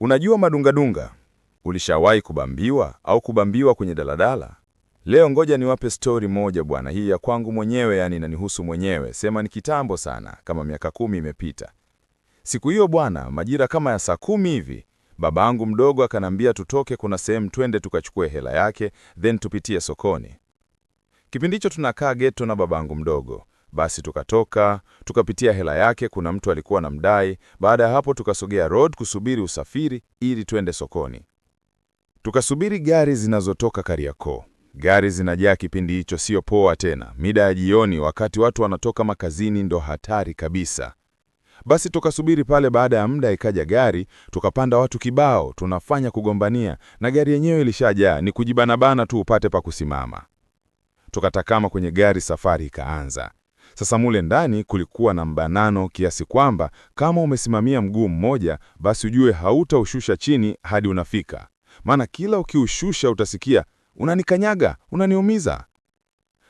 Unajua madungadunga, ulishawahi kubambiwa au kubambiwa kwenye daladala? Leo ngoja niwape stori moja bwana, hii ya kwangu mwenyewe, yani inanihusu mwenyewe, sema ni kitambo sana, kama miaka kumi imepita. Siku hiyo bwana, majira kama ya saa kumi hivi, baba yangu mdogo akanambia tutoke, kuna sehemu twende tukachukue hela yake, then tupitie sokoni. Kipindi hicho tunakaa geto na baba yangu mdogo basi tukatoka tukapitia hela yake, kuna mtu alikuwa na mdai. Baada ya hapo, tukasogea road kusubiri usafiri ili twende sokoni. Tukasubiri gari zinazotoka Kariakoo. Gari zinajaa kipindi hicho, sio poa tena. Mida ya jioni, wakati watu wanatoka makazini, ndo hatari kabisa. Basi tukasubiri pale. Baada ya muda ikaja gari, tukapanda watu kibao, tunafanya kugombania na gari yenyewe ilishajaa, ni kujibanabana tu upate pa kusimama. Tukatakama kwenye gari, safari ikaanza. Sasa mule ndani kulikuwa na mbanano kiasi kwamba kama umesimamia mguu mmoja, basi ujue hautaushusha chini hadi unafika, maana kila ukiushusha utasikia unanikanyaga, unaniumiza.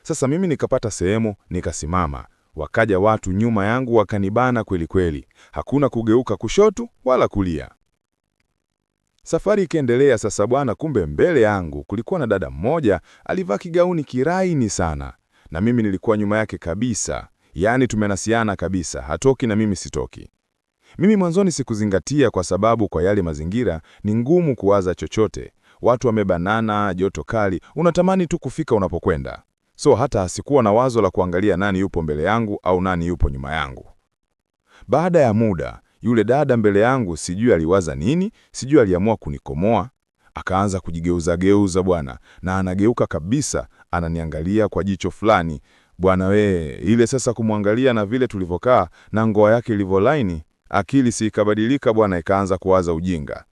Sasa mimi nikapata sehemu nikasimama, wakaja watu nyuma yangu wakanibana kweli kweli, hakuna kugeuka kushoto wala kulia. Safari ikaendelea. Sasa bwana, kumbe mbele yangu kulikuwa na dada mmoja alivaa kigauni kiraini sana, na mimi nilikuwa nyuma yake kabisa, yaani tumenasiana kabisa, hatoki na mimi sitoki. Mimi mwanzoni sikuzingatia kwa sababu kwa yale mazingira ni ngumu kuwaza chochote, watu wamebanana, joto kali, unatamani tu kufika unapokwenda. So hata hasikuwa na wazo la kuangalia nani yupo mbele yangu au nani yupo nyuma yangu. Baada ya muda, yule dada mbele yangu sijui aliwaza nini, sijui aliamua kunikomoa, Akaanza kujigeuzageuza bwana, na anageuka kabisa, ananiangalia kwa jicho fulani bwana. Wee, ile sasa kumwangalia na vile tulivyokaa na ngoa yake ilivyo laini akili si ikabadilika bwana, ikaanza kuwaza ujinga.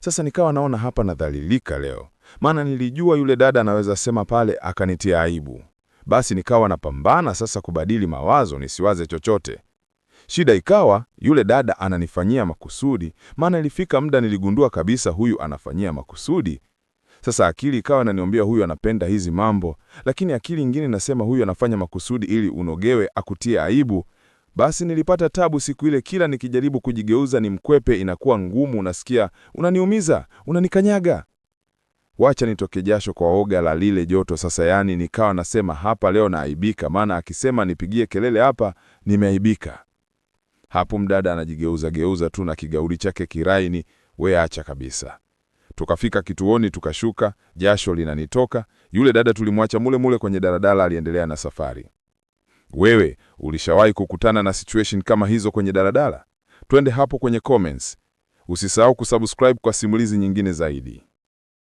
Sasa nikawa naona hapa nadhalilika leo, maana nilijua yule dada anaweza sema pale akanitia aibu. Basi nikawa napambana sasa kubadili mawazo nisiwaze chochote. Shida ikawa yule dada ananifanyia makusudi, maana ilifika muda niligundua kabisa huyu anafanyia makusudi. Sasa akili ikawa inaniambia huyu anapenda hizi mambo, lakini akili nyingine nasema huyu anafanya makusudi ili unogewe, akutie aibu. Basi nilipata tabu siku ile, kila nikijaribu kujigeuza ni mkwepe inakuwa ngumu. Unasikia unaniumiza, unanikanyaga. Wacha nitoke jasho kwa oga la lile joto. Sasa yani nikawa nasema hapa leo naaibika, maana akisema nipigie kelele hapa nimeaibika. Hapo mdada anajigeuza geuza tu na kigauli chake kiraini, we acha kabisa. Tukafika kituoni, tukashuka, jasho linanitoka. Yule dada tulimwacha mule mule kwenye daladala, aliendelea na safari. Wewe ulishawahi kukutana na situation kama hizo kwenye daladala? Twende hapo kwenye comments. Usisahau kusubscribe kwa simulizi nyingine zaidi.